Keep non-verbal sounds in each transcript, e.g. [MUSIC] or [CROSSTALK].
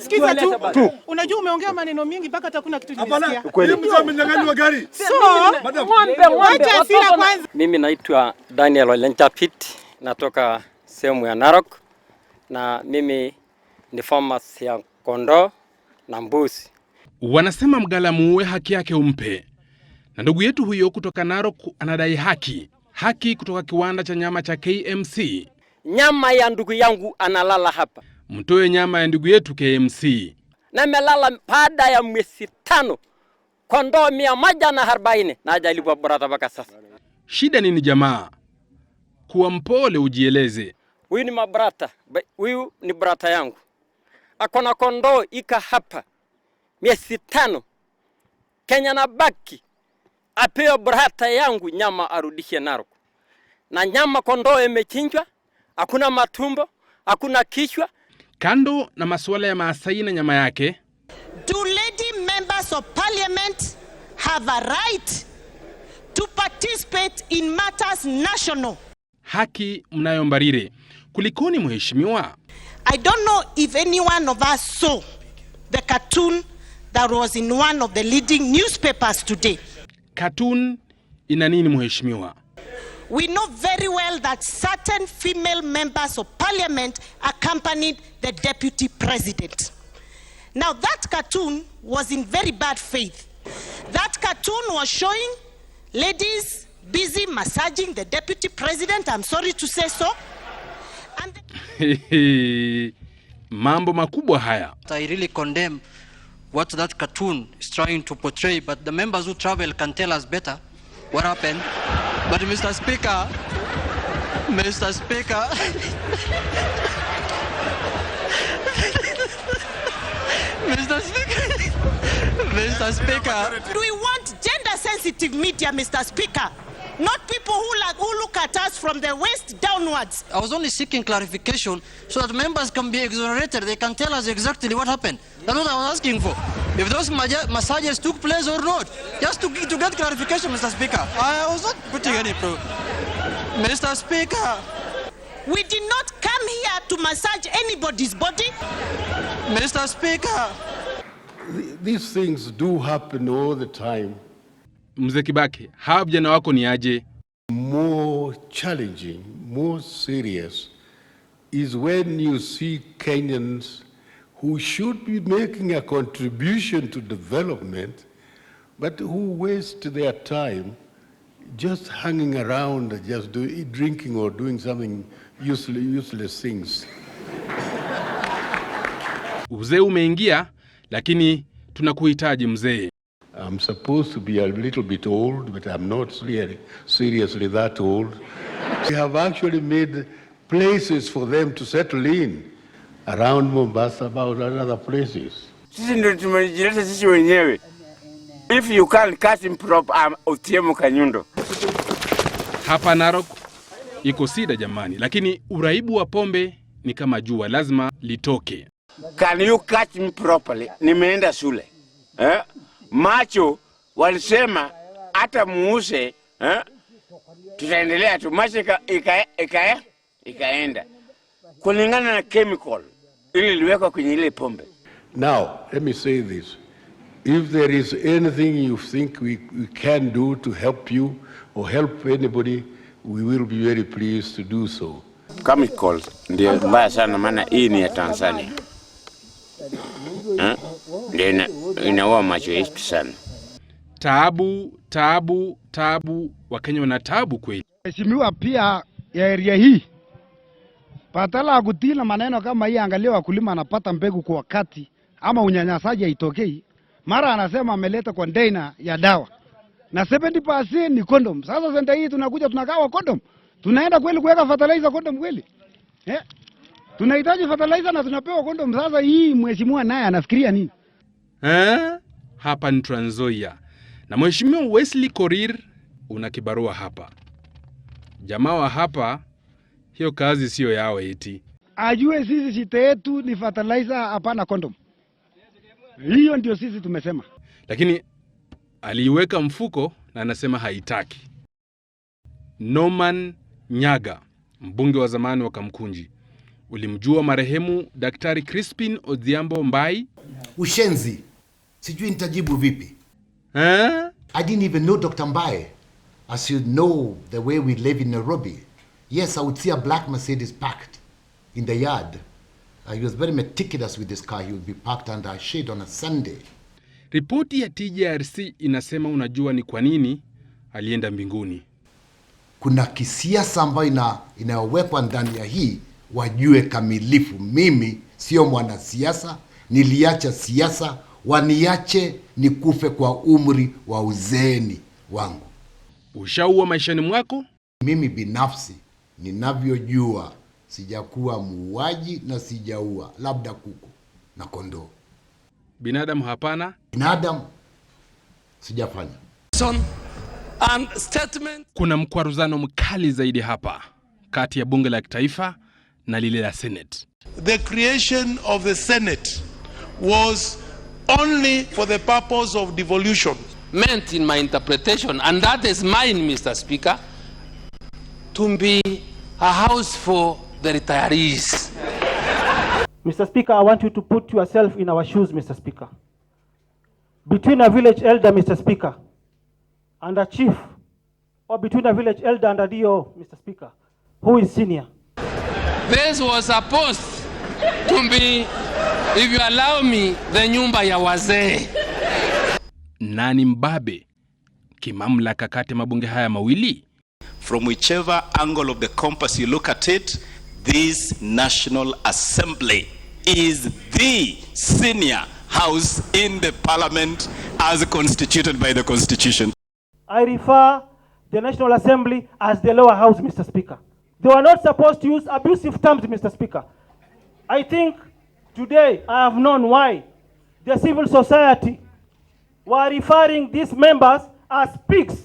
Sikiza tu. tu. Unajua umeongea maneno mingi mpaka hata kuna kitu nimesikia. Kweli. Mtu amenyang'anywa gari. So, ng'ombe, ng'ombe. Hasira kwanza. Mimi naitwa Daniel Olenchapit, natoka sehemu ya Narok na mimi ni farmers ya kondoo na mbuzi. Wanasema mgala muue haki yake umpe. Na ndugu yetu huyo kutoka Narok anadai haki, haki kutoka kiwanda cha nyama cha KMC. Nyama ya ndugu yangu analala hapa mtoe nyama ya ndugu yetu KMC. Namelala baada ya mwezi tano kondoo mia moja na arobaini na hajaliwa brata mpaka sasa. Shida nini jamaa? Kuwa mpole, ujieleze. Huyu ni mabrata, huyu ni brata yangu, akona kondoo ika hapa miezi tano Kenya na baki apewe brata yangu nyama arudishe Narok, na nyama kondoo imechinjwa, hakuna matumbo, hakuna kichwa Kando na masuala ya Maasai na nyama yake, do lady members of parliament have a right to participate in matters national? Haki mnayo Mbarire, kulikoni mheshimiwa? I don't know if anyone of us saw the cartoon that was in one of the leading newspapers today. Cartoon ina nini mheshimiwa? we know very well that certain female members of parliament accompanied the deputy president. Now that cartoon was in very bad faith. That cartoon was showing ladies busy massaging the deputy president, I'm sorry to say so. And [LAUGHS] Mambo makubwa haya. I really condemn what that cartoon is trying to portray, but the members who travel can tell us better what happened. But Mr. Speaker, Mr. Speaker, Mr. Speaker, Mr. Speaker. Do we want gender sensitive media, Mr. Speaker? Not people who, like, who look at us from the waist downwards. I was only seeking clarification so that members can be exonerated. They can tell us exactly what happened. That's what I was asking for. if those ma- massages took place or not. Just to, to get clarification, Mr. Speaker. I was not putting any proof. Mr. Speaker. We did not come here to massage anybody's body. Mr. Speaker. These things do happen all the time. Mzee Kibaki, hawa vijana wako ni aje? More challenging, more serious is when you see Kenyans who should be making a contribution to development, but who waste their time just hanging around, just do, drinking or doing something useless, useless things. Uzee [LAUGHS] umeingia, lakini tunakuhitaji mzee. I'm supposed to be a little bit old, but I'm not seriously that old. We have actually made places for them to settle in around Mombasa, about other places. Sisi ndio tumejileta sisi wenyewe. If you can't catch him prop, um, utiemu Kanyundo. Hapa Narok iko sida jamani, lakini uraibu wa pombe ni kama jua, lazima litoke. Can you catch him properly? Nimeenda shule eh? Macho walisema hata muuse eh? Tutaendelea tu macho ika, ika, ika, ikaenda kulingana na chemical ili liwekwa kwenye ile pombe. Now, let me say this. If there is anything you think we, we can do to help you or help anybody, we will be very pleased to do so. Chemicals ndio mbaya sana maana hii ni ya Tanzania. Hmm? Ndio ina, inaua macho yetu sana. Taabu, taabu, taabu, Wakenya wana taabu kweli. Mheshimiwa pia ya area hii badala ya kutila maneno kama hii, angalia wakulima anapata mbegu kwa wakati, ama unyanyasaji haitokei. Mara anasema ameleta container ya dawa na 70% ni condom. Sasa senta hii tunakuja tunakawa condom, tunaenda kweli kuweka fertilizer condom kweli eh? Tunahitaji fertilizer na tunapewa condom. Sasa hii mheshimiwa naye anafikiria nini eh? Hapa ni Trans Nzoia na mheshimiwa Wesley Korir, una kibarua hapa, jamaa wa hapa hiyo kazi sio yao eti. Ajue sisi shite yetu ni fertilizer, hapana kondom. Hiyo ndio sisi tumesema, lakini aliiweka mfuko na anasema haitaki. Norman Nyaga, mbunge wa zamani wa Kamkunji, ulimjua marehemu Daktari Crispin Odhiambo Mbai? Ushenzi, sijui nitajibu vipi ha? Eh? I didn't even know Dr. Mbai as you know the way we live in Nairobi Yes, I would see a black Mercedes parked in the yard. Uh, he was very meticulous with this car. He would be parked under a shade on a Sunday. Ripoti ya TJRC inasema unajua ni kwa nini alienda mbinguni. Kuna kisiasa ambayo inayowekwa ndani ya hii, wajue kamilifu, mimi sio mwanasiasa, niliacha siasa, waniache nikufe kwa umri wa uzeeni wangu. Ushaua maishani mwako? Mimi binafsi ninavyojua sijakuwa muuaji na sijaua, labda kuku na kondoo. Binadamu hapana, binadamu sijafanya. Kuna mkwaruzano mkali zaidi hapa kati ya bunge la kitaifa na lile la Senate. The creation of the Senate was only for the purpose of devolution meant in my interpretation and that is mine Mr. Speaker to be a house for the retirees. Mr. Speaker, I want you to put yourself in our shoes, Mr. Speaker. Between a village elder, Mr. Speaker, and a chief, or between a village elder and a DO, Mr. Speaker, who is senior? This was supposed to be, if you allow me, the nyumba ya wazee. Nani mbabe kimamlaka kati mabunge haya mawili? from whichever angle of the compass you look at it, this National Assembly is the senior house in the parliament as constituted by the Constitution. I refer the National Assembly as the lower house, Mr. Speaker. They were not supposed to use abusive terms, Mr. Speaker. I think today I have known why the civil society were referring these members as pigs.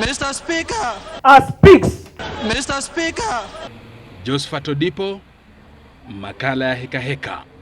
Mr. Speaker. I speaks. Mr. Speaker. Josephat Odipo, makala ya hekaheka.